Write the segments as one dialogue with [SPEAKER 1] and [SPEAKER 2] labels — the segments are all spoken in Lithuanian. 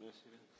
[SPEAKER 1] Merci.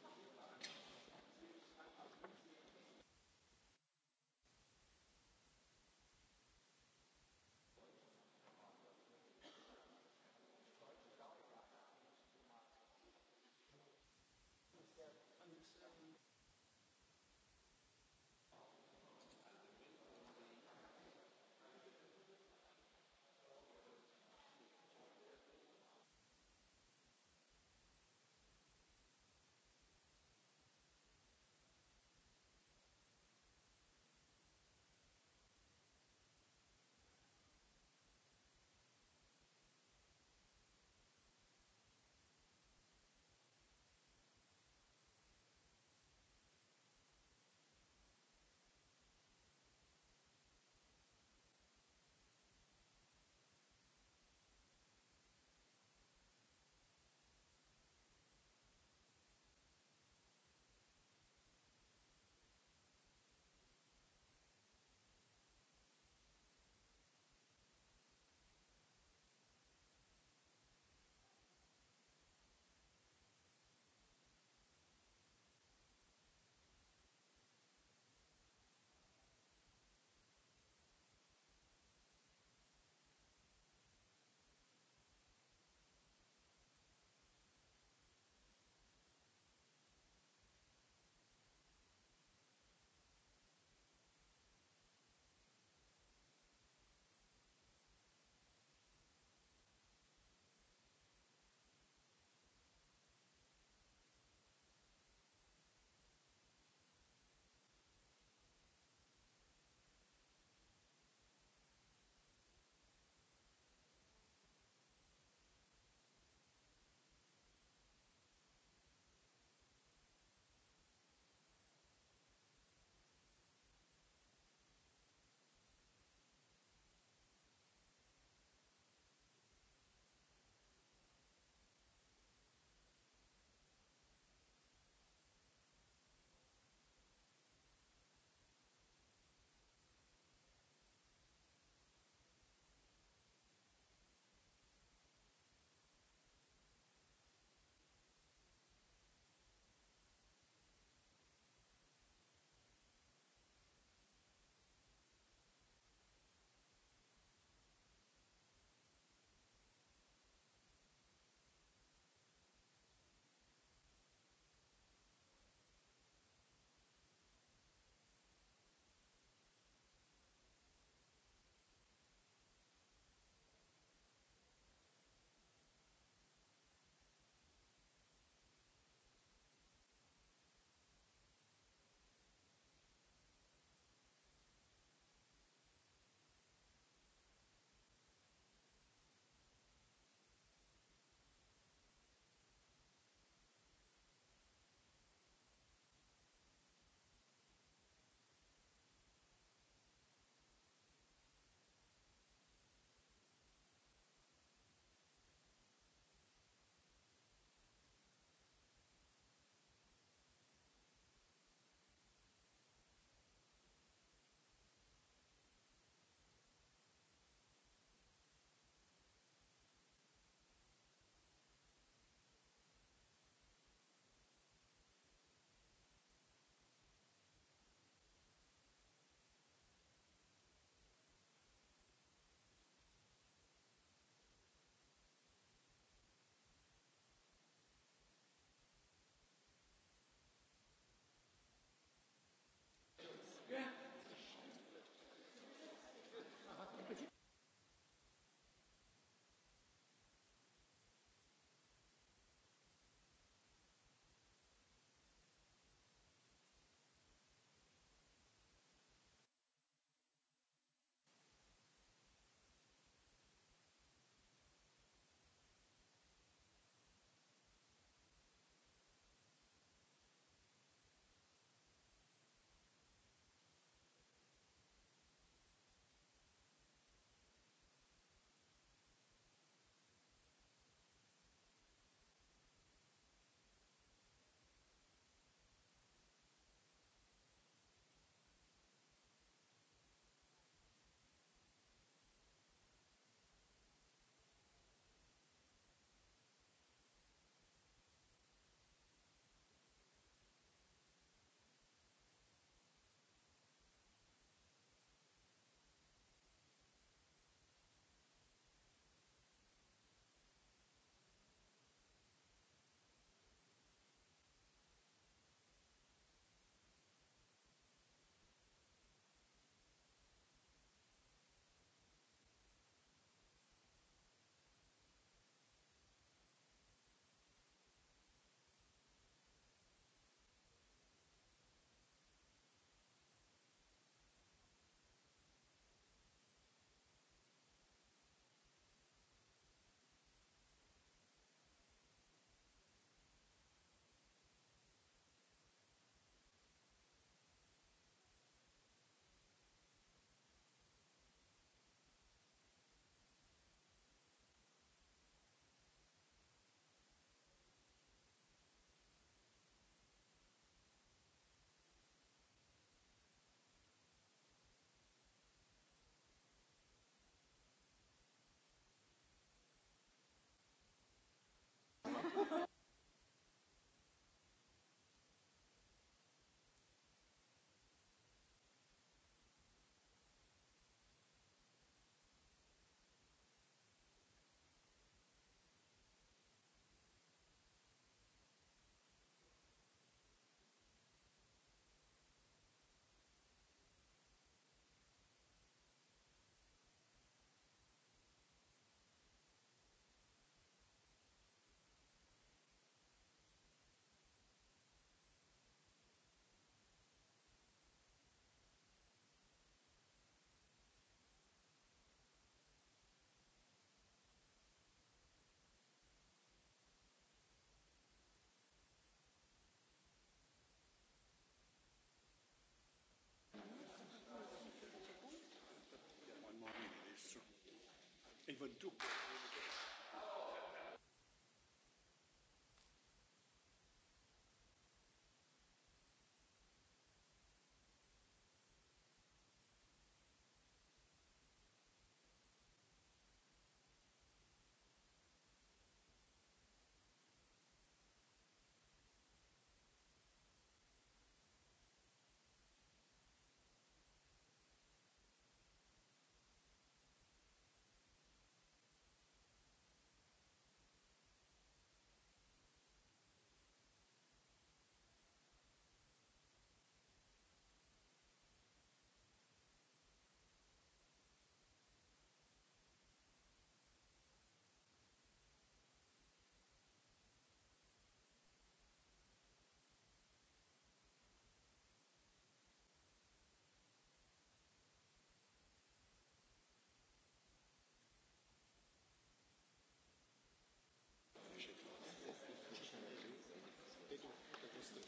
[SPEAKER 1] ik ben toe.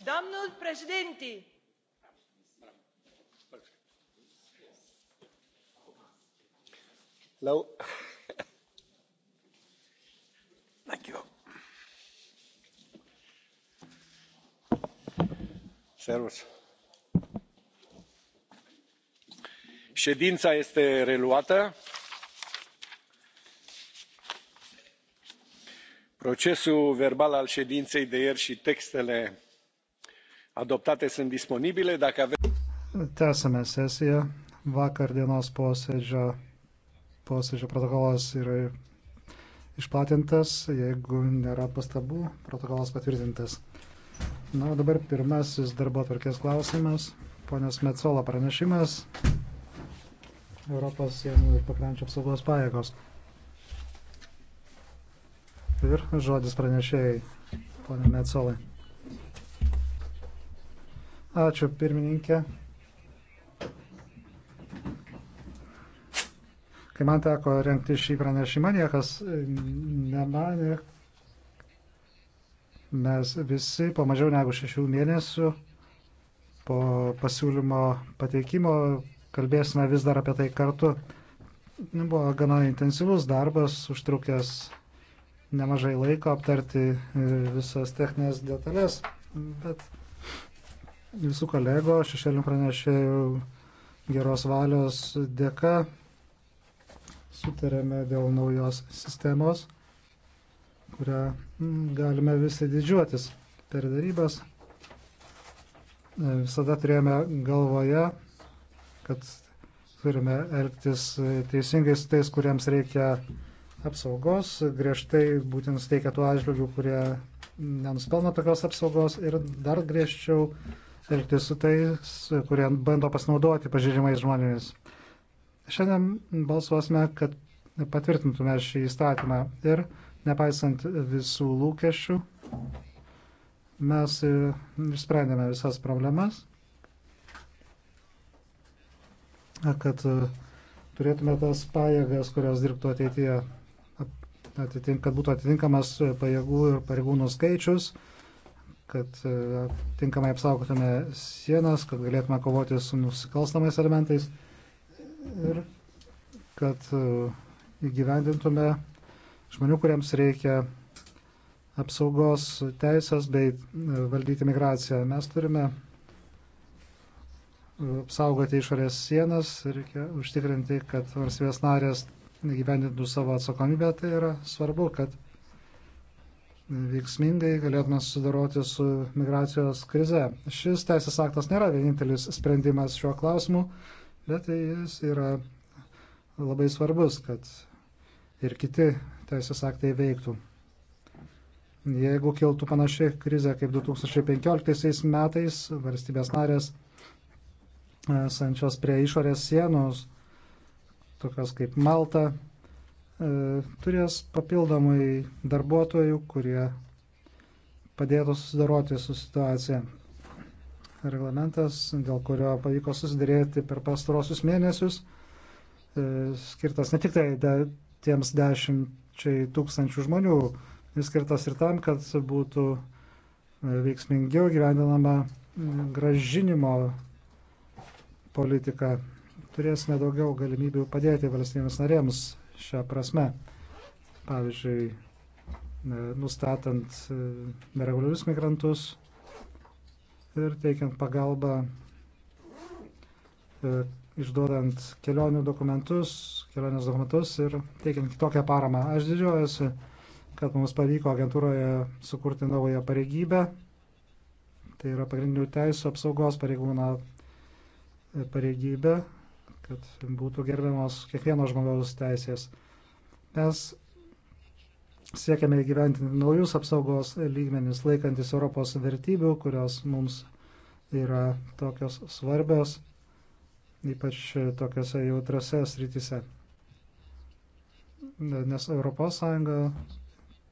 [SPEAKER 1] domnul președinte ședința este reluată.
[SPEAKER 2] procesul verbal al ședinței de ieri și textele adoptate sunt disponibile. Dacă ave...
[SPEAKER 1] Tęsame sesiją. Vakar dienos posėdžio, posėdžio protokolas yra išplatintas. Jeigu nėra pastabų, protokolas patvirtintas. Na, dabar pirmasis darbo atvarkės klausimas. Ponios Metsola pranešimas. Europos sienų ir pakrančio apsaugos pajėgos. Ir žodis pranešėjai, ponė Metsolai. Ačiū pirmininkė. Kai man teko renkti šį pranešimą, niekas mm, nemanė. Mes visi po mažiau negu šešių mėnesių po pasiūlymo pateikimo kalbėsime vis dar apie tai kartu. Buvo gana intensyvus darbas, užtrukęs nemažai laiko aptarti e, visas techninės detalės, bet visų kolego šešėlinių pranešėjų geros valios dėka sutarėme dėl naujos sistemos, kurią mm, galime visi didžiuotis per darybas. E, visada turėjome galvoje, kad turime elgtis teisingai su tais, kuriems reikia apsaugos, griežtai būtent steikia tuo atžvilgiu, kurie nenuspelno tokios apsaugos ir dar griežčiau elgtis su tais, kurie bando pasinaudoti pažiūrimais žmonėmis. Šiandien balsuosime, kad patvirtintume šį įstatymą ir nepaisant visų lūkesčių, mes išsprendėme visas problemas, kad turėtume tas pajėgas, kurios dirbtų ateityje, atitink, kad būtų atitinkamas pajėgų ir pareigūnų skaičius kad e, tinkamai apsaugotume sienas, kad galėtume kovoti su nusikalstamais elementais ir kad e, įgyvendintume žmonių, kuriems reikia apsaugos teisės bei e, valdyti migraciją. Mes turime apsaugoti išorės sienas, reikia užtikrinti, kad valstybės narės gyvendintų savo atsakomybę. Tai yra svarbu, kad veiksmingai galėtume susidoroti su migracijos krize. Šis teisės aktas nėra vienintelis sprendimas šiuo klausimu, bet tai jis yra labai svarbus, kad ir kiti teisės aktai veiktų. Jeigu kiltų panašiai krizė kaip 2015 metais, valstybės narės e, sančios prie išorės sienos, tokios kaip Malta, E, turės papildomai darbuotojų, kurie padėtų susidaroti su situacija. Reglamentas, dėl kurio pavyko susidėrėti per pastarosius mėnesius, e, skirtas ne tik tai de, tiems dešimčiai tūkstančių žmonių, jis skirtas ir tam, kad būtų e, veiksmingiau gyvendinama gražinimo politika. Turėsime daugiau galimybių padėti valstybėms narėms šią prasme. Pavyzdžiui, e, nustatant e, nereguliarius migrantus ir teikiant pagalbą, e, išduodant kelionių dokumentus, kelionės dokumentus ir teikiant kitokią paramą. Aš didžiuojuosi, kad mums pavyko agentūroje sukurti naują pareigybę. Tai yra pagrindinių teisų apsaugos pareigūno pareigybė kad būtų gerbiamos kiekvieno žmogaus teisės. Mes siekiame įgyventinti naujus apsaugos lygmenis, laikantis Europos vertybių, kurios mums yra tokios svarbios, ypač tokiose jautrose srityse. Nes ES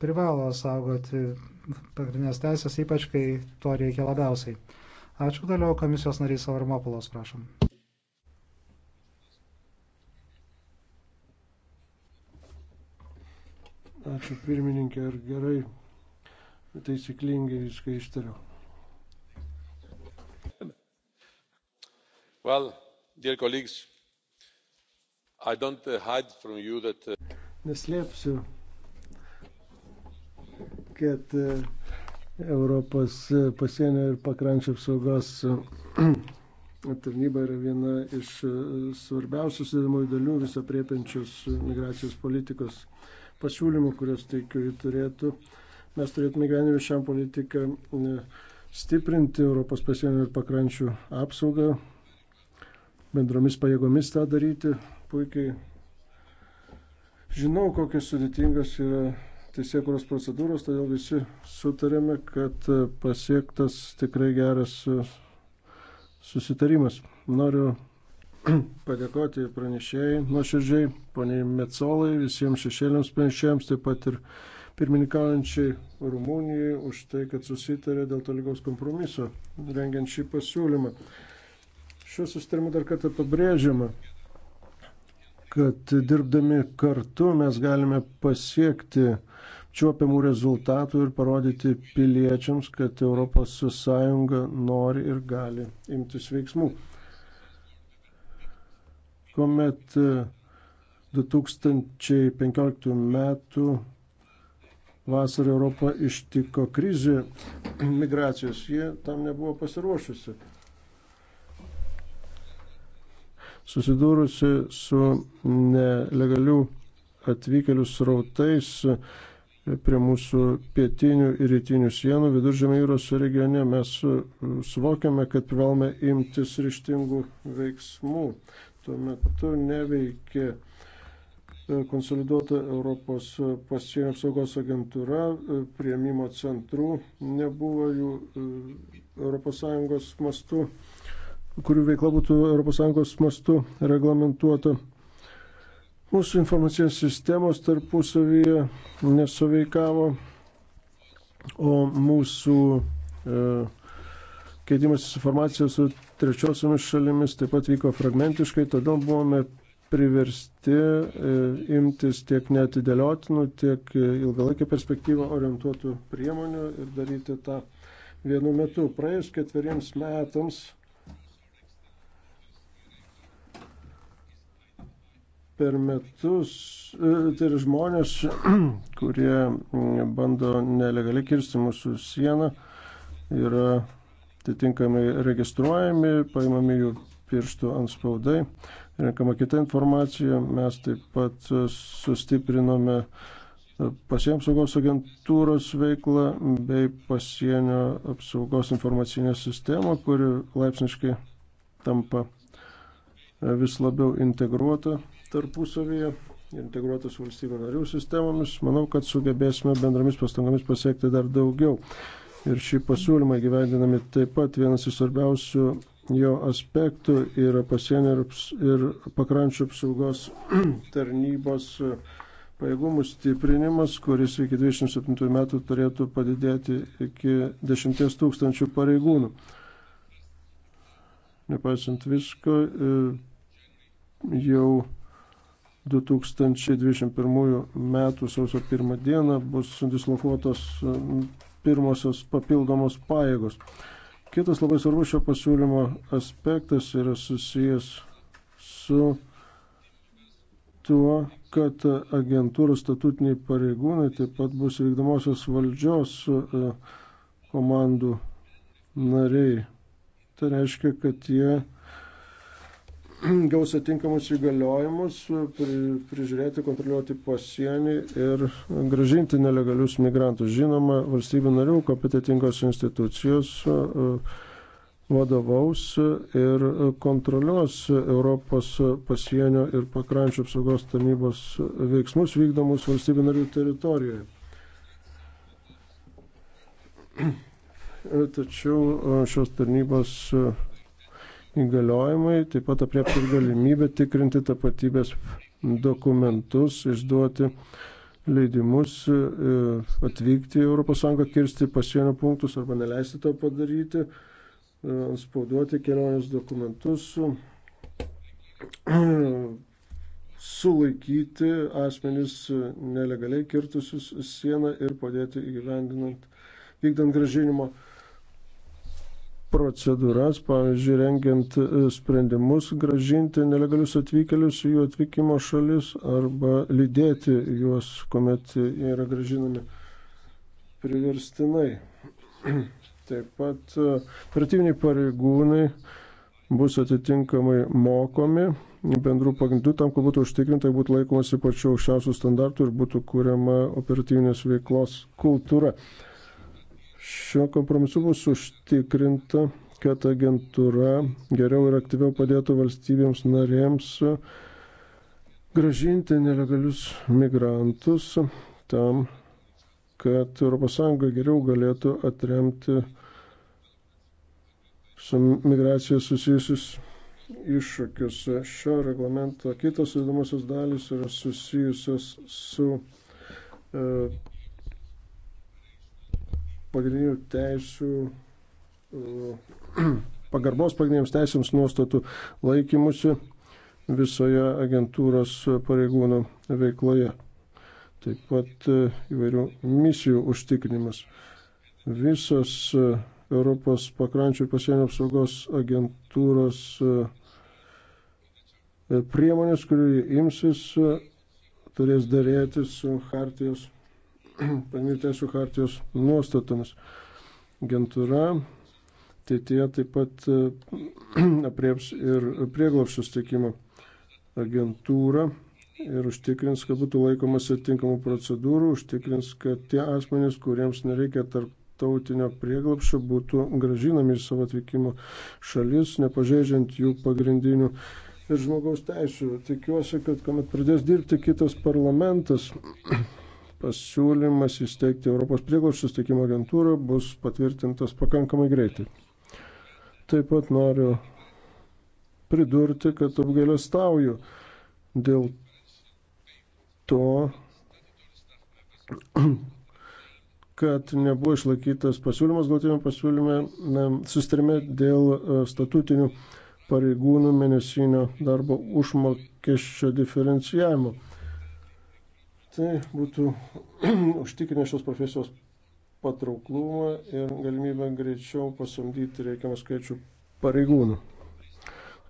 [SPEAKER 1] privalo saugoti pagrindinės teisės, ypač kai to reikia labiausiai. Ačiū toliau komisijos narys Savarmopulos, prašom. Ačiū pirmininkė, ar gerai
[SPEAKER 2] taisyklingai viską ištariau. Well, dear colleagues, I don't hide from you that. Uh, Neslėpsiu, kad uh, Europos pasienio ir pakrančio apsaugos uh, tarnyba yra viena iš svarbiausių sudėdamųjų dalių visapriepiančios migracijos politikos pasiūlymų, kuriuos teikiu, turėtų, mes turėtume gyvenime šiam politiką e, stiprinti Europos pasienio ir pakrančių apsaugą, bendromis pajėgomis tą daryti. Puikiai žinau, kokios sudėtingos yra teisėkuros procedūros, todėl visi sutarėme, kad e, pasiektas tikrai geras e, susitarimas. Noriu padėkoti pranešėjai nuoširdžiai, poniai Metsolai, visiems šešėliams pranešėjams, taip pat ir pirmininkaujančiai Rumunijai už tai, kad susitarė dėl tolygaus kompromiso, rengiant šį pasiūlymą. Šiuo sustarimu dar kartą pabrėžiama, kad dirbdami kartu mes galime pasiekti čiuopiamų rezultatų ir parodyti piliečiams, kad ES nori ir gali imtis veiksmų kuomet 2015 e, metų vasarą Europą ištiko krizė migracijos. Jie tam nebuvo pasiruošusi. Susidūrusi su nelegalių atvykėlių srautais prie mūsų pietinių ir rytinių sienų viduržėmio jūros regione mes suvokiame, kad privalome imtis ryštingų veiksmų tuo metu neveikė e, konsoliduota Europos pasienio apsaugos agentūra, e, prieimimo centrų nebuvo jų ES mastu, kurių veikla būtų ES mastu reglamentuota. Mūsų informacinės sistemos tarpusavyje nesuveikavo, o mūsų e, keitimasis informacija su trečiosiomis šalimis taip pat vyko fragmentiškai, todėl buvome priversti e, imtis tiek netidėliotinų, tiek e, ilgalaikį perspektyvą orientuotų priemonių ir daryti tą vienu metu. Praėjus ketveriems metams per metus, e, tai yra žmonės, kurie bando nelegaliai kirsti mūsų sieną, yra atitinkamai registruojami, paimami jų pirštų ant spaudai, renkama kita informacija. Mes taip pat sustiprinome pasienio apsaugos agentūros veiklą bei pasienio apsaugos informacinę sistemą, kuri laipsniškai tampa vis labiau integruota tarpusavyje, integruota su valstybių narių sistemomis. Manau, kad sugebėsime bendromis pastangomis pasiekti dar daugiau ir šį pasiūlymą gyvendinami taip pat vienas iš svarbiausių jo aspektų yra pasienio ir pakrančių apsaugos tarnybos pajėgumų stiprinimas, kuris iki 27 metų turėtų padidėti iki 10 tūkstančių pareigūnų. Nepaisant visko, e, jau 2021 m. sausio 1 dieną bus dislokuotos pirmosios papildomos pajėgos. Kitas labai svarbus šio pasiūlymo aspektas yra susijęs su tuo, kad agentūrų statutiniai pareigūnai taip pat bus vykdomosios valdžios e, komandų nariai. Tai reiškia, kad jie gaus atinkamus įgaliojimus pri, prižiūrėti, kontroliuoti pasienį ir gražinti nelegalius migrantus. Žinoma, valstybių narių kompetitingos institucijos uh, vadovaus ir kontroliuos Europos pasienio ir pakrančių apsaugos tarnybos veiksmus vykdomus valstybių narių teritorijoje. Tačiau uh, šios tarnybos uh, įgaliojimai, taip pat apriepti ir galimybę tikrinti tapatybės dokumentus, išduoti leidimus e, atvykti į ES, kirsti pasienio punktus arba neleisti to padaryti, e, spauduoti kelionės dokumentus, sulaikyti asmenys nelegaliai kirtusius sieną ir padėti įgyvendinant, vykdant gražinimo procedūras, pavyzdžiui, rengiant e, sprendimus gražinti nelegalius atvykėlius į jų atvykimo šalis arba lydėti juos, kuomet jie yra gražinami priverstinai. Taip pat e, operatyviniai pareigūnai bus atitinkamai mokomi bendrų pagrindų tam, kad būtų užtikrinta, būtų laikomasi pačių aukščiausių standartų ir būtų kuriama operatyvinės veiklos kultūra. Šiuo kompromisu bus užtikrinta, kad agentūra geriau ir aktyviau padėtų valstybėms narėms gražinti nelegalius migrantus tam, kad ES geriau galėtų atremti su migracija susijusius iššūkius. Šio reglamento kitos įdomusios dalys yra susijusios su e, pagrindinių teisų, e, pagarbos pagrindiniams teisėms nuostatų laikymusi visoje agentūros pareigūnų veikloje. Taip pat e, įvairių misijų užtikrinimas. Visos e, Europos pakrančių ir pasienio apsaugos agentūros priemonės, kurių imsis, turės dėrėti su Hartijos pagrindinių teisų hartijos nuostatomis. Agentūra ateityje taip pat aprieps ir prieglopščių steikimo agentūrą ir užtikrins, kad būtų laikomas atitinkamų procedūrų, užtikrins, kad tie asmenys, kuriems nereikia tarptautinio prieglopščio, būtų gražinami į savo atvykimo šalis, nepažeidžiant jų pagrindinių ir žmogaus teisų. Tikiuosi, kad kuomet pradės dirbti kitas parlamentas, pasiūlymas įsteigti Europos prieglobščių susteikimo agentūrą bus patvirtintas pakankamai greitai. Taip pat noriu pridurti, kad apgailestauju dėl to, kad nebuvo išlaikytas pasiūlymas, gautėme pasiūlyme sustarime dėl e, statutinių pareigūnų mėnesinio darbo užmokesčio diferencijavimo. Tai būtų užtikrinę šios profesijos patrauklumą ir galimybę greičiau pasamdyti reikiamą skaičių pareigūnų.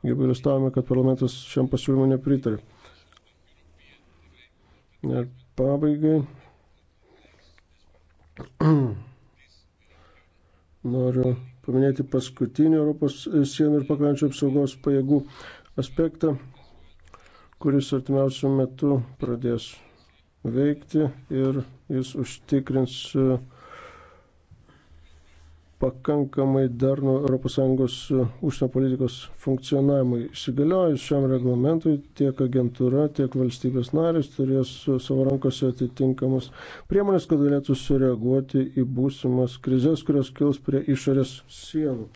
[SPEAKER 2] Jeigu įstavome, kad parlamentas šiam pasiūlymui nepritarė. Ir pabaigai noriu paminėti paskutinį Europos sienų ir pakrančių apsaugos pajėgų aspektą, kuris artimiausių metų pradės veikti ir jis užtikrins e, pakankamai darnų ES e, užsienio politikos funkcionavimui. Įsigaliojus šiam reglamentui tiek agentūra, tiek valstybės narės turės e, savo rankose atitinkamas priemonės, kad galėtų sureaguoti į būsimas krizės, kurios kils prie išorės sienų.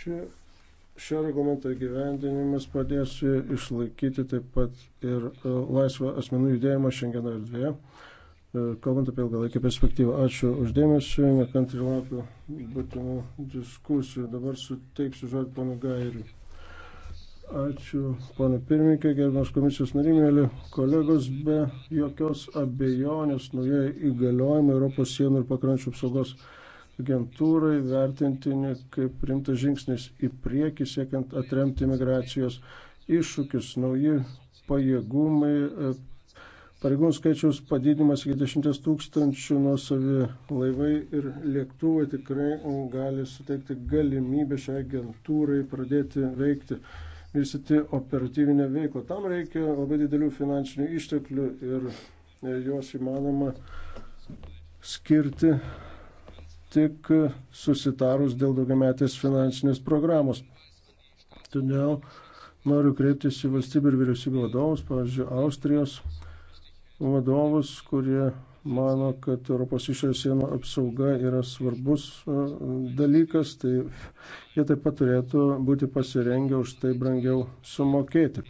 [SPEAKER 2] Ši šio reglamento įgyvendinimas padės išlaikyti taip pat ir e, laisvą asmenų judėjimą šiandieną erdvėje. E, kalbant apie ilgalaikį perspektyvą, ačiū uždėmesi, nekantri laukiu būtinų diskusijų. Dabar suteiksiu žodį panu Gairiui. Ačiū, pana pirmininkė, gerbiamas komisijos narimėlį, kolegos, be jokios abejonės naujai įgaliojimai Europos sienų ir pakrančių apsaugos agentūrai vertintini kaip rimtas žingsnis į priekį, siekiant atremti migracijos iššūkius, nauji pajėgumai, e, pareigūnų skaičiaus padidinimas iki 10 tūkstančių nuosavi laivai ir lėktuvai tikrai gali suteikti galimybę šiai agentūrai pradėti veikti vystyti operatyvinę veiklą. Tam reikia labai didelių finansinių išteklių ir e, juos įmanoma skirti tik susitarus dėl daugiametės finansinės programos. Todėl noriu kreiptis į valstybių ir vyriausybių vadovus, pavyzdžiui, Austrijos vadovus, kurie mano, kad Europos išorės sienų apsauga yra svarbus e, dalykas, tai jie taip pat turėtų būti pasirengę už tai brangiau sumokėti.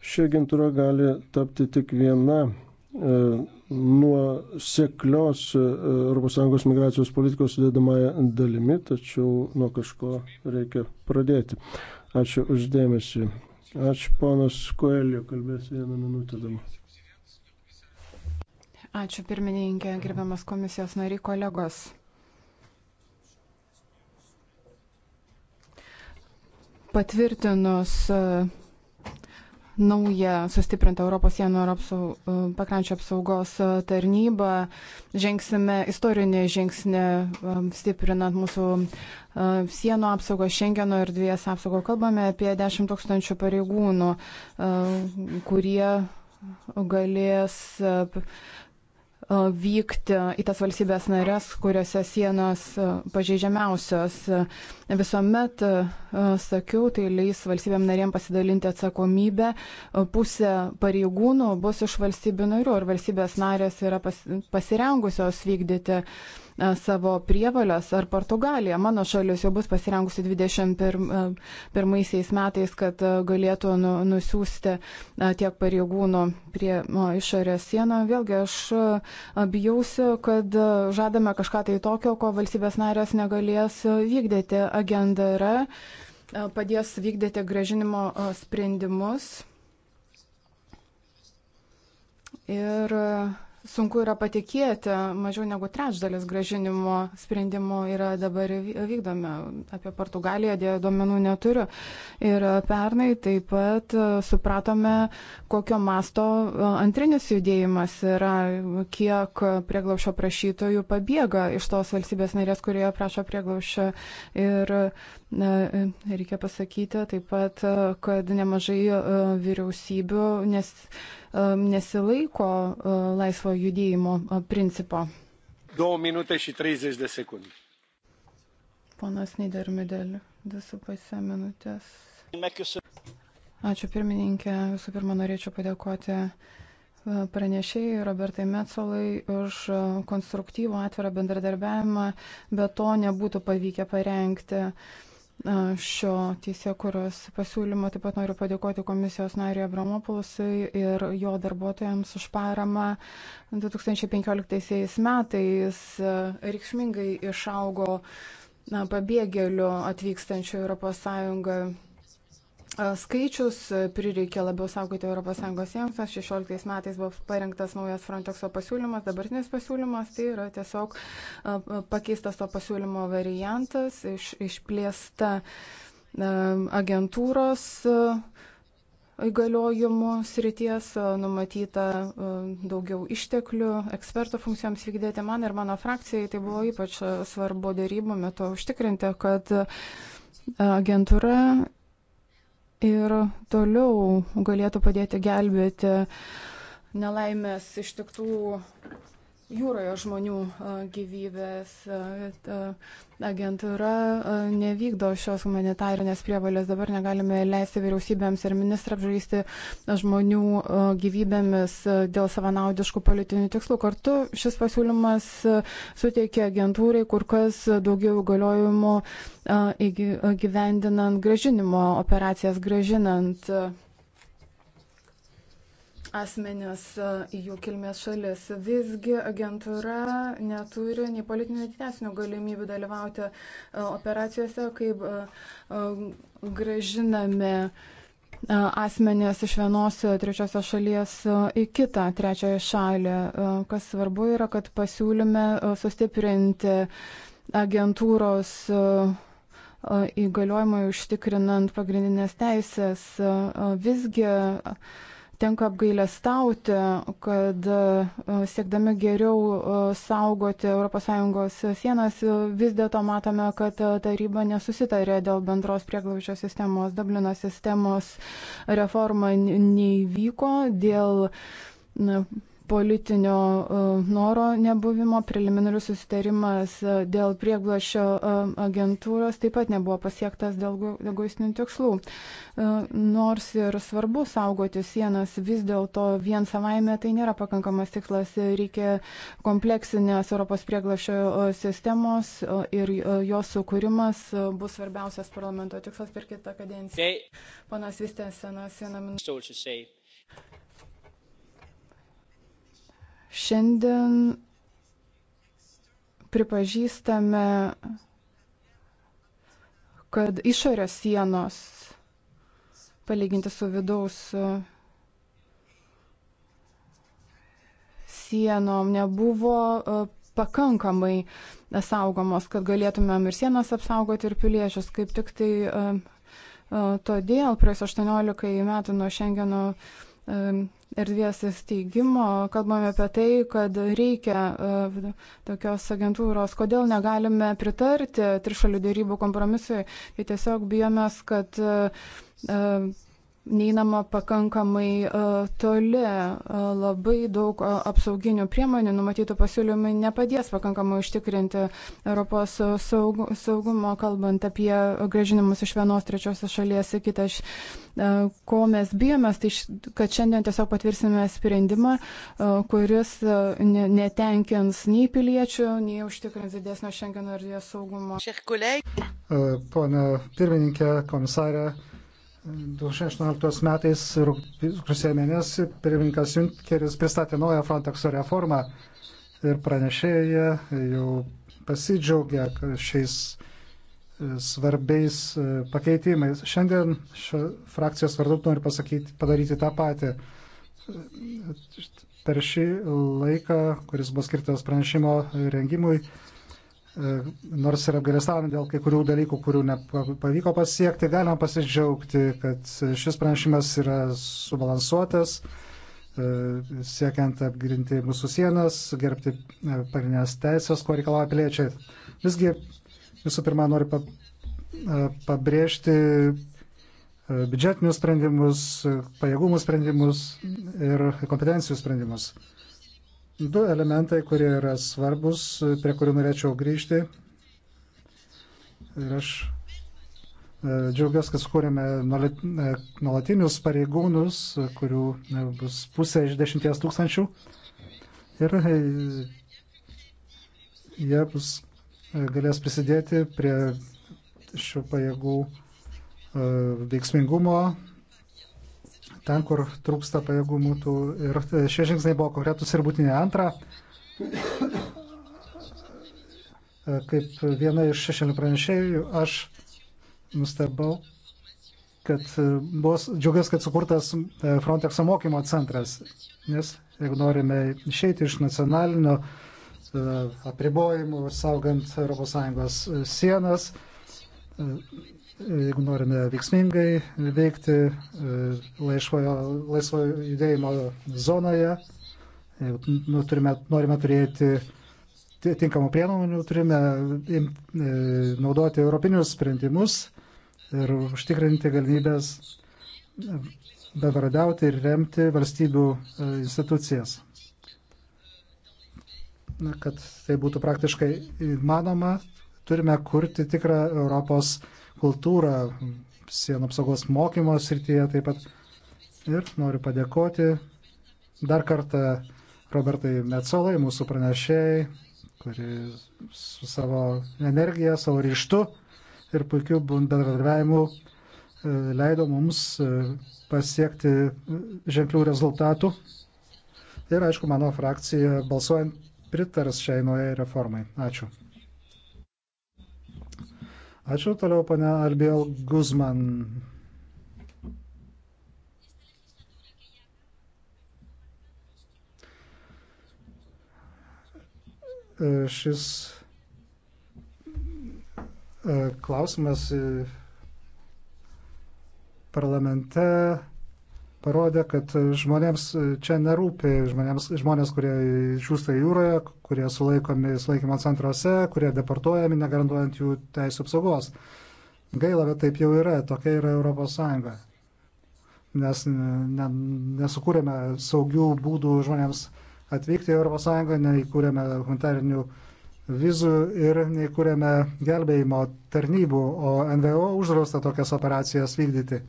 [SPEAKER 2] Ši agentūra gali tapti tik viena E, nuo seklios e, ES migracijos politikos sudėdamąją dalimi, tačiau nuo kažko reikia pradėti. Ačiū uždėmesi. Ačiū ponas Koelio, kalbės vieną minutę dabar.
[SPEAKER 3] Ačiū pirmininkė, gerbiamas komisijos nariai kolegos. Patvirtinus uh, nauja sustiprinta Europos sienų ir apsau, e, pakrančio apsaugos e, tarnyba. Žengsime istorinį žingsnį, e, stiprinant mūsų sienų apsaugą, Šengeno ir dvies apsaugą. Kalbame apie 10 tūkstančių pareigūnų, kurie galės vykti į tas valstybės narės, kuriuose sienos pažeidžiamiausios. Visuomet sakiau, tai leis valstybėm narėm pasidalinti atsakomybę. Pusė pareigūnų bus iš valstybių narių ir valstybės narės yra pasirengusios vykdyti E, savo prievalės, ar Portugalija, mano šalis jau bus pasirengusi 21 e, metais, kad e, galėtų nu, nusiųsti tiek pareigūnų prie išorės sieną. Vėlgi aš bijausi, kad žadame kažką tai tokio, ko valstybės narės negalės vykdyti. Agenda yra, padės vykdyti gražinimo sprendimus. Ir sunku yra patikėti, mažiau negu trečdalis gražinimo sprendimų yra dabar vykdomi. Apie Portugaliją dėl duomenų neturiu. Ir pernai taip pat e, supratome, kokio masto e, antrinis judėjimas yra, kiek prieglaušio prašytojų pabėga iš tos valstybės narės, kurioje prašo prieglaušio. Ir na, reikia pasakyti taip pat, e, kad nemažai vyriausybių, nes Um, nesilaiko uh, laisvo judėjimo uh, principo.
[SPEAKER 1] 2 minutės ir 30 sekundžių.
[SPEAKER 3] Ponas Nidermidėl, 2,5 minutės. Ačiū pirmininkė. Visų pirma, norėčiau padėkoti uh, pranešėjai Robertai Metsolai už konstruktyvų atvirą bendradarbiavimą, bet to nebūtų pavykę parengti uh, šio teisėkuros pasiūlymo. Taip pat noriu padėkoti komisijos nariui Abramopulusui ir jo darbuotojams už paramą. 2015 metais reikšmingai išaugo pabėgėlių atvykstančių ES skaičius prireikė labiau saugoti ES sienas. 16 metais buvo parengtas naujas Frontexo pasiūlymas, dabartinis pasiūlymas tai yra tiesiog pakeistas to pasiūlymo variantas, iš, išplėsta agentūros įgaliojimų srities, numatyta daugiau išteklių ekspertų funkcijoms vykdyti man ir mano frakcijai. Tai buvo ypač svarbu darybų metu užtikrinti, kad agentūra ir toliau galėtų padėti gelbėti nelaimės ištiktų jūroje žmonių gyvybės. Agentūra nevykdo šios humanitarinės prievalės. Dabar negalime leisti vyriausybėms ir ministrams žaisti žmonių gyvybėmis dėl savanaudiškų politinių tikslų. Kartu šis pasiūlymas suteikia agentūrai kur kas daugiau įgaliojimų gyvendinant gražinimo operacijas, gražinant asmenis e, į jų kilmės šalis. Visgi agentūra neturi nei politinių, nei teisinių galimybių dalyvauti e, operacijose, kaip e, gražiname asmenės iš vienos trečiosios šalies į kitą trečiąją šalį. Kas svarbu yra, kad pasiūlyme sustiprinti agentūros įgaliojimai užtikrinant pagrindinės teisės. Visgi tenka apgailestauti, kad e, siekdami geriau e, saugoti ES sienas, vis dėlto matome, kad e, taryba nesusitarė dėl bendros prieglaučio sistemos, Dublino sistemos reforma neįvyko dėl politinio e, noro nebuvimo, preliminarius susitarimas e, dėl prieglašio e, agentūros taip pat nebuvo pasiektas dėl egoistinių tikslų. Nors ir svarbu saugoti sienas, vis dėlto vien savaime tai nėra pakankamas tikslas, reikia kompleksinės Europos prieglašio sistemos ir jos sukūrimas bus svarbiausias parlamento tikslas per kitą kadenciją. Panas Vistėsenas, viena minutė. Šiandien pripažįstame, kad išorės sienos, palyginti su vidaus sienom, nebuvo e, pakankamai saugomos, kad galėtumėm ir sienas apsaugoti, ir piliečius. Kaip tik tai e, e, todėl prieš 18 metų nuo Šengeno erdvės įsteigimo, kalbame apie tai, kad reikia tokios agentūros. Kodėl negalime pritarti trišalių dėrybų kompromisui? Tai tiesiog bijomės, kad neinama pakankamai e, toli, e, labai daug e, apsauginių priemonių numatytų pasiūlymai nepadės pakankamai užtikrinti Europos saug, saugumo, kalbant apie gražinimus iš vienos trečiosios šalies į kitą. Ko mes bijomės, tai kad šiandien tiesiog patvirsime sprendimą, kuris netenkins nei piliečių, nei užtikrins didesnio šiandien erdvės saugumo.
[SPEAKER 1] Pone pirmininkė, komisarė, 2016 metais rugsėjo mėnesį pirmininkas Junkeris pristatė naują Frontexo reformą ir pranešėja jau pasidžiaugia šiais e, svarbiais e, pakeitimais. Šiandien frakcijos vardu noriu pasakyti, padaryti tą patį. E, per šį laiką, kuris bus skirtas pranešimo rengimui, E, nors ir apgalėstavome dėl kai kurių dalykų, kurių nepavyko pasiekti, galima pasidžiaugti, kad šis pranešimas yra subalansuotas, e, siekiant apgrinti mūsų sienas, gerbti e, pagrindinės teisės, ko reikalauja piliečiai. Visgi, visų pirma, noriu pabrėžti biudžetinius sprendimus, pajėgumų sprendimus ir kompetencijų sprendimus. Du elementai, kurie yra svarbus, prie kurių norėčiau grįžti. Ir aš e, džiaugiuosi, kad skūrėme e, nuolatinius pareigūnus, kurių e, bus pusė iš dešimties tūkstančių. Ir jie bus, galės prisidėti prie šių pajėgų veiksmingumo ten, kur trūksta pajėgumų. Tų, ir e, šie žingsniai buvo konkretus ir būtinė antra. E, kaip viena iš šešėlių pranešėjų, aš nustebau, kad e, buvo džiugas, kad sukurtas Frontexo mokymo centras, nes jeigu norime išeiti iš nacionalinio apribojimų, saugant ES sienas, jeigu norime veiksmingai veikti e, laisvojo, laisvojo judėjimo zonoje, jeigu nu, turime, norime turėti tinkamų priemonių, turime im, e, naudoti europinius sprendimus ir užtikrinti galimybės bevardauti ir remti valstybių e, institucijas. Kad tai būtų praktiškai įmanoma, turime kurti tikrą Europos uh, kultūrą, sienų apsaugos mokymo srityje taip pat. Ir noriu padėkoti dar kartą Robertai Metsolai, mūsų pranešėjai, kuri su savo energija, savo ryštu ir puikiu bendradarbiavimu e, leido mums e, pasiekti ženklių rezultatų. Ir aišku, mano frakcija balsuojant pritars šiai naujai reformai. Ačiū. Ačiū toliau, pane Albiel Guzman. E, šis e, klausimas e, parlamente parodė, kad žmonėms čia nerūpi, žmonėms, žmonės, kurie žūsta jūroje, kurie sulaikomi sulaikymo centruose, kurie deportuojami, negarantuojant jų teisų apsaugos. Gaila, bet taip jau yra, tokia yra Europos Sąjunga. Nes ne, nesukūrėme saugių būdų žmonėms atvykti į Europos Sąjungą, neįkūrėme humanitarinių vizų ir neįkūrėme gelbėjimo tarnybų, o NVO uždrausta tokias operacijas vykdyti.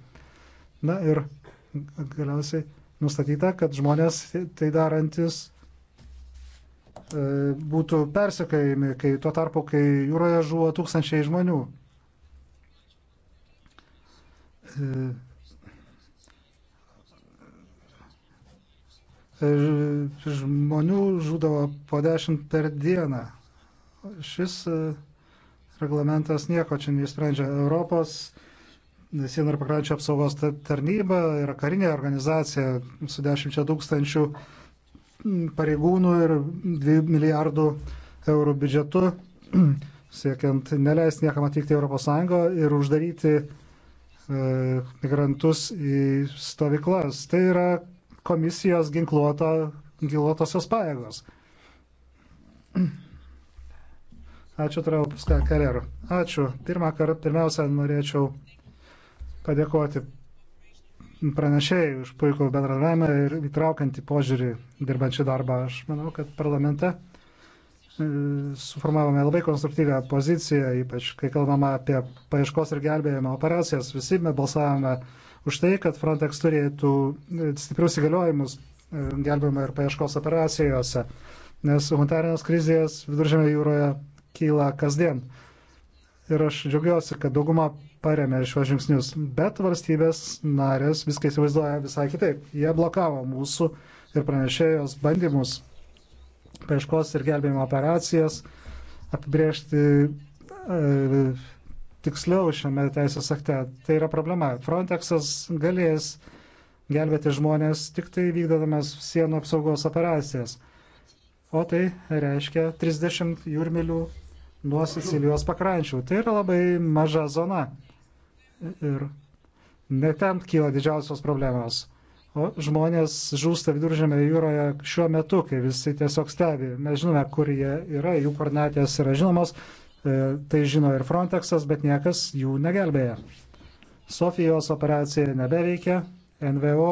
[SPEAKER 1] Na ir galiausiai nustatyta, kad žmonės tai darantis e, būtų persekėjami, kai tuo tarpu, kai jūroje žuvo tūkstančiai žmonių. E, e, žmonių žudavo po dešimt per dieną. Šis reglamentas nieko čia neįsprendžia. Europos sienų ir pakrančio apsaugos tarnyba yra karinė organizacija su dešimčia tūkstančių pareigūnų ir 2 milijardų eurų biudžetu, siekiant neleisti niekam atvykti į ES ir uždaryti e, migrantus į stovyklas. Tai yra komisijos ginkluoto, ginkluotosios pajėgos. Ačiū, Trau Puską Karero. Ačiū. Pirmą kartą, pirmiausia, norėčiau padėkoti pranešėjai už puikų bendradavimą ir įtraukiantį požiūrį dirbančių darbą. Aš manau, kad parlamente e, suformavome labai konstruktyvę poziciją, ypač kai kalbama apie paieškos ir gelbėjimo operacijas. Visi mes balsavome už tai, kad Frontex turėtų e, stiprius įgaliojimus e, gelbėjimo ir paieškos operacijose, nes humanitarinės krizės viduržėmio jūroje kyla kasdien. Ir aš džiaugiuosi, kad dauguma paremė šios žingsnius, bet valstybės narės viską įsivaizduoja visai kitaip. Jie blokavo mūsų ir pranešėjos bandymus, paieškos ir gelbėjimo operacijas apibriežti e, tiksliau šiame teisės akte. Tai yra problema. Frontexas galės gelbėti žmonės tik tai vykdodamas sienų apsaugos operacijas. O tai reiškia 30 jūrmilių nuo Sicilijos pakrančių. Tai yra labai maža zona ir netent kyla didžiausios problemos. O žmonės žūsta viduržėme jūroje šiuo metu, kai visi tiesiog stebi. Mes žinome, kur jie yra, jų koordinatės yra žinomos, e, tai žino ir Frontexas, bet niekas jų negelbėja. Sofijos operacija nebeveikia, NVO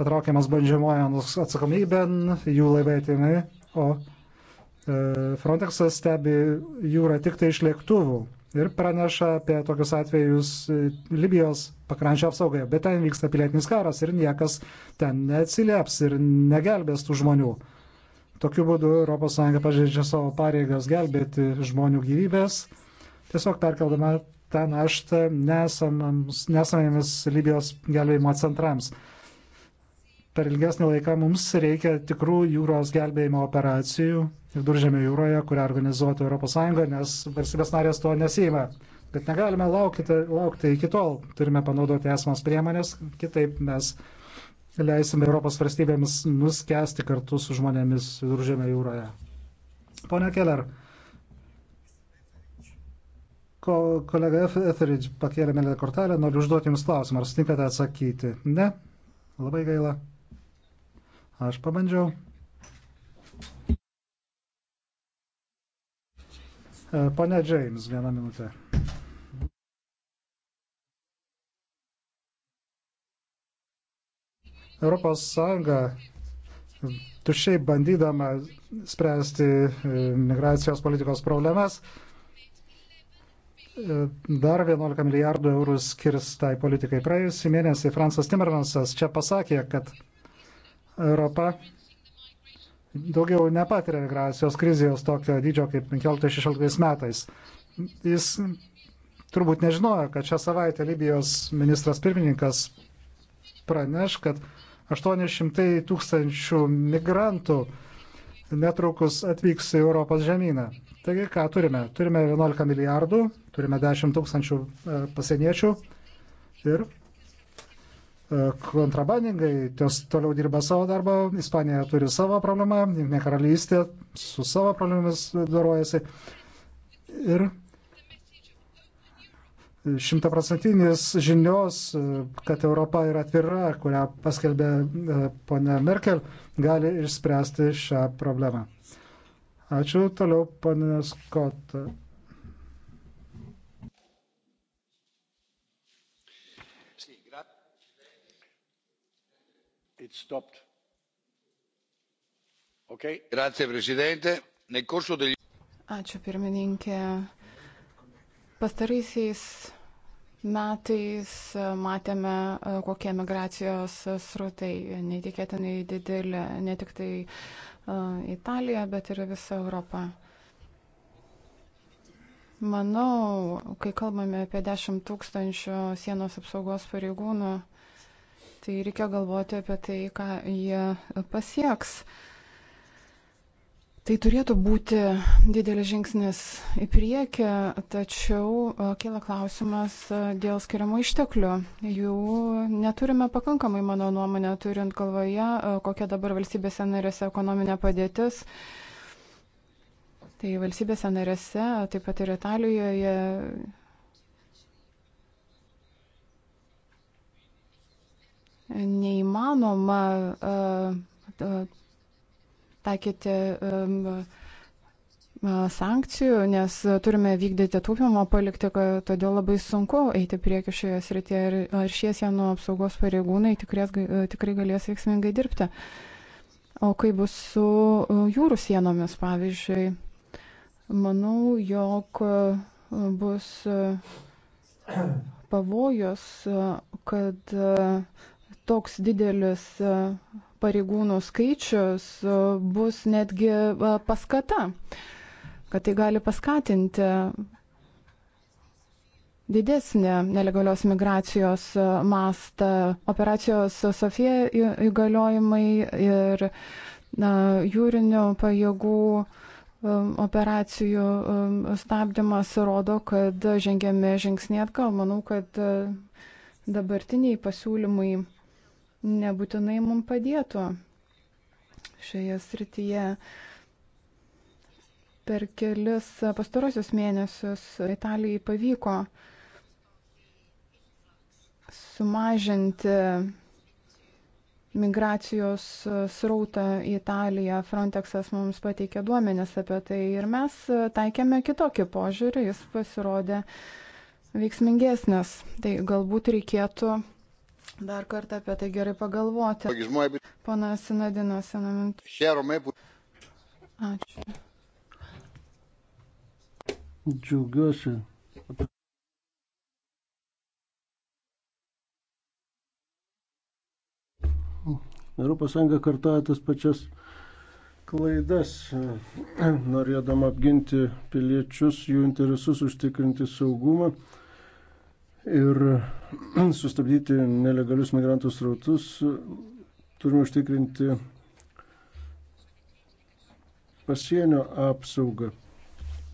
[SPEAKER 1] patraukiamas bandžiamojan atsakomybėn, jų laivai atimami, o e, Frontexas stebi jūrą tik tai iš lėktuvų ir praneša apie tokius atvejus e, Libijos pakrančio apsaugai. Bet ten vyksta pilietinis karas ir niekas ten neatsilieps ir negelbės tų žmonių. Tokiu būdu ES pažeidžia savo pareigas gelbėti žmonių gyvybės, tiesiog perkeldama tą naštą nesamiems Libijos gelbėjimo centrams per ilgesnį laiką mums reikia tikrų jūros gelbėjimo operacijų viduržėmio jūroje, kurią organizuotų ES, nes valstybės narės to nesima. Bet negalime laukite, laukti iki tol. Turime panaudoti esamas priemonės, kitaip mes leisime Europos valstybėms nuskesti kartu su žmonėmis viduržėmio jūroje. Pone Keller, ko, kolega Etheridge pakėlė mėlyną kortelę, noriu užduoti Jums klausimą, ar sutinkate atsakyti? Ne? Labai gaila. Aš pabandžiau. E, Pane James, vieną minutę. Europos Sąjunga tušiai bandydama spręsti e, migracijos politikos problemas e, dar 11 milijardų eurų skirs tai politikai. Praėjusį mėnesį Fransas Timmermansas čia pasakė, kad Europa daugiau nepatiria migracijos krizijos tokio dydžio kaip 15-16 metais. Jis turbūt nežinojo, kad šią savaitę Libijos ministras pirmininkas praneš, kad 800 tūkstančių migrantų netrukus atvyks į Europos žemyną. Taigi ką turime? Turime 11 milijardų, turime 10 tūkstančių e, pasieniečių ir kontrabandingai ties toliau dirba savo darbą, Ispanija turi savo problemą, Junktinė karalystė su savo problemomis darojasi. Ir šimtaprocentinis žinios, kad Europa yra atvira, kurią paskelbė e, ponia Merkel, gali išspręsti šią problemą. Ačiū toliau, ponia Skota. Okay. Grazie, Presidente. Nel corso degli...
[SPEAKER 3] Ačiū pirmininkė. Pastaraisiais metais e, matėme, e, kokie migracijos srautai neįtikėtinai dideli, ne tik tai e, Italija, bet ir visa Europa. Manau, kai kalbame apie 10 tūkstančių sienos apsaugos pareigūnų, nu, tai reikia galvoti apie tai, ką jie pasieks. Tai turėtų būti didelis žingsnis į priekį, tačiau e, kyla klausimas e, dėl skiriamų išteklių. Jų neturime pakankamai, mano nuomonė, turint galvoje, e, kokia dabar valstybėse narėse ekonominė padėtis. Tai valstybėse narėse, taip pat ir Italijoje neįmanoma e, e, taikyti e, sankcijų, nes turime vykdyti taupimo politiką, todėl labai sunku eiti prieki šioje srityje ir ar šie sienų apsaugos pareigūnai tikrai, tikrai galės veiksmingai dirbti. O kaip bus su jūrų sienomis, pavyzdžiui, manau, jog bus pavojus, kad toks didelis e, pareigūnų skaičius e, bus netgi e, paskata, kad tai gali paskatinti didesnį nelegalios migracijos mastą. Operacijos Sofija įgaliojimai ir na, jūrinių pajėgų operacijų stabdymas rodo, kad žengėme žingsnį atgal. Manau, kad dabartiniai pasiūlymai nebūtinai mums padėtų šioje srityje. Per kelius pastarosius mėnesius Italijai pavyko sumažinti migracijos srautą į Italiją. Frontexas mums pateikė duomenis apie tai ir mes taikėme kitokį požiūrį, jis pasirodė veiksmingesnis. Tai galbūt reikėtų Dar kartą apie tai gerai pagalvoti. Pana Sinadino, senamint. Ačiū.
[SPEAKER 1] Džiaugiuosi.
[SPEAKER 2] Europos Sąjunga kartoja tas pačias klaidas, norėdama apginti piliečius, jų interesus, užtikrinti saugumą ir sustabdyti nelegalius migrantų srautus, turime užtikrinti pasienio apsaugą.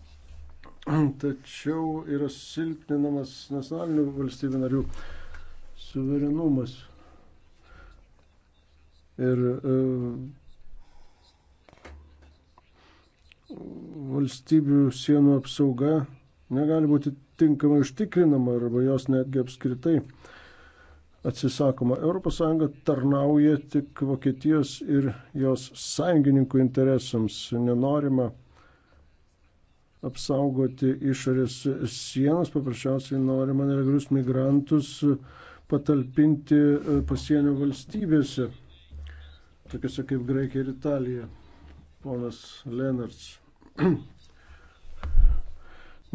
[SPEAKER 2] Tačiau yra silpninamas nacionalinių valstybių narių suverenumas. Ir e, valstybių sienų apsauga negali būti tinkamai užtikrinama arba jos netgi apskritai atsisakoma. ES tarnauja tik Vokietijos ir jos sąjungininkų interesams. Nenorima apsaugoti išorės sienas, paprasčiausiai norima nelegalius migrantus patalpinti e, pasienio valstybėse, tokiuose kaip Graikija ir Italija. Ponas Lenarts.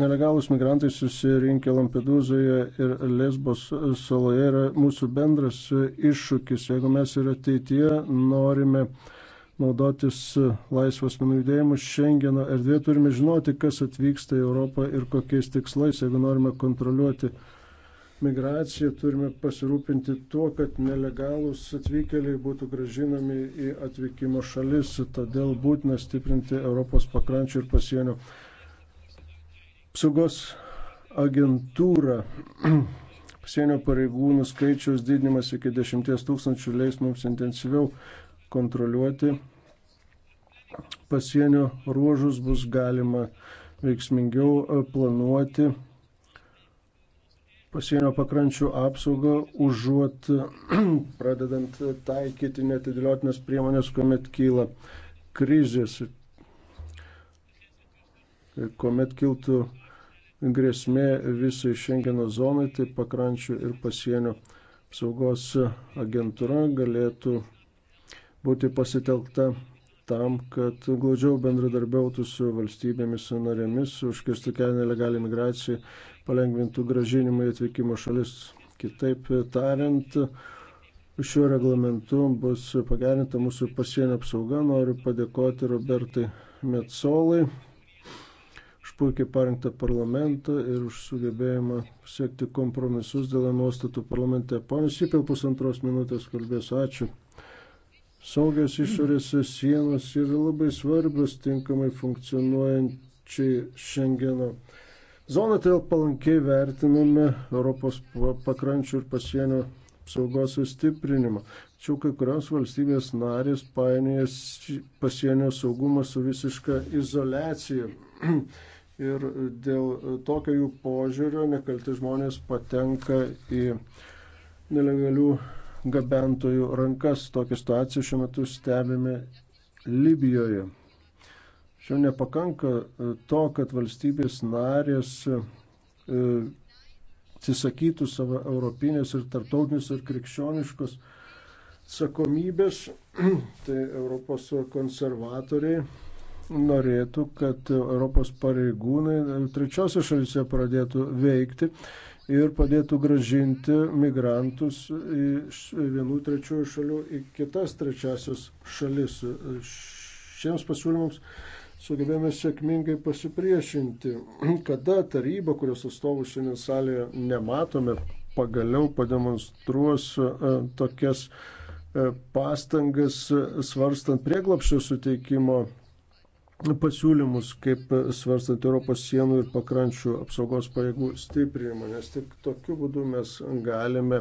[SPEAKER 2] Nelegalus migrantai susirinkę Lampedūzoje ir Lesbos saloje yra mūsų bendras iššūkis. Jeigu mes ir ateityje norime naudotis laisvos menų judėjimu Schengeno erdvė, turime žinoti, kas atvyksta į Europą ir kokiais tikslais. Jeigu norime kontroliuoti migraciją, turime pasirūpinti tuo, kad nelegalus atvykėliai būtų gražinami į atvykimo šalis. Todėl būtina stiprinti Europos pakrančių ir pasienio apsaugos agentūrą. Pasienio pareigūnų skaičiaus didinimas iki 10 tūkstančių leis mums intensyviau kontroliuoti pasienio ruožus, bus galima veiksmingiau e, planuoti pasienio pakrančių apsaugą, užuot pradedant taikyti netidėliotinės priemonės, kuomet kyla krizės, kuomet kiltų grėsmė visai Schengeno zonai, tai pakrančių ir pasienio apsaugos agentūra galėtų būti pasitelkta tam, kad glaudžiau bendradarbiautų su valstybėmis narėmis, užkirstų kelią nelegalį migraciją, palengvintų gražinimą į atvykimo šalis. Kitaip tariant, šiuo reglamentu bus pagerinta mūsų pasienio apsauga. Noriu padėkoti Robertai Metsolai už puikiai parengtą parlamentą ir už sugebėjimą siekti kompromisus dėl nuostatų parlamente. Ponas Sipil pusantros minutės kalbės. Ačiū. Saugios išorės sienos yra labai svarbios tinkamai funkcionuojančiai Šengeno. Zoną todėl palankiai vertiname Europos pakrančių ir pasienio apsaugos sustiprinimą. Tačiau kai kurios valstybės narės painiojas pasienio saugumą su visiška izolacija. ir dėl tokio jų požiūrio nekalti žmonės patenka į nelegalių gabentojų rankas. Tokią situaciją šiuo metu stebime Libijoje. Šiandien nepakanka e, to, kad valstybės narės e, atsisakytų savo europinės ir tartautinės ir krikščioniškos sakomybės, tai Europos konservatoriai norėtų, kad Europos pareigūnai trečiosios šalise pradėtų veikti ir padėtų gražinti migrantus iš vienų trečiųjų šalių į kitas trečiasios šalis. Šiems pasiūlymams sugebėjome sėkmingai pasipriešinti, kada taryba, kurios atstovų šiandien salėje nematome, pagaliau pademonstruos e, tokias e, pastangas svarstant prieglapščio suteikimo pasiūlymus, kaip svarstant Europos sienų ir pakrančių apsaugos pajėgų stiprinimą, nes tik tokiu būdu mes galime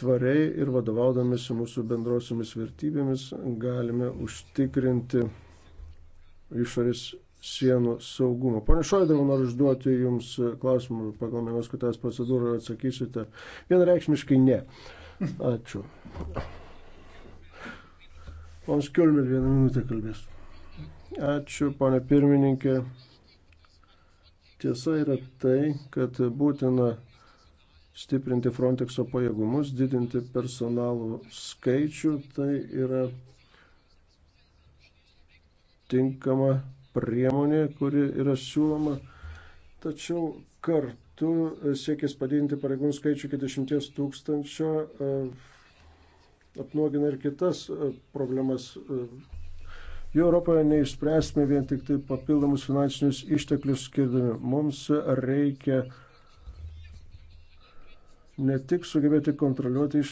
[SPEAKER 2] tvariai ir vadovaudamėsi mūsų bendrosiomis vertybėmis galime užtikrinti išorės sienų saugumą. Pane Šoidavau, noriu užduoti Jums klausimą, pagal mėgos kitas procedūrą atsakysite. Vienareikšmiškai ne. Ačiū. Pons Kiulmel vieną minutę kalbės. Ačiū, ponė pirmininkė. Tiesa yra tai, kad būtina stiprinti Frontexo pajėgumus, didinti personalų skaičių. Tai yra tinkama priemonė, kuri yra siūloma. Tačiau kartu siekis padidinti pareigūnų skaičių iki 10 tūkstančio e, apnuogina ir kitas e, problemas e, Jų Europoje neišspręsime vien tik tai papildomus finansinius išteklius skirdami. Mums reikia ne tik sugebėti kontroliuoti iš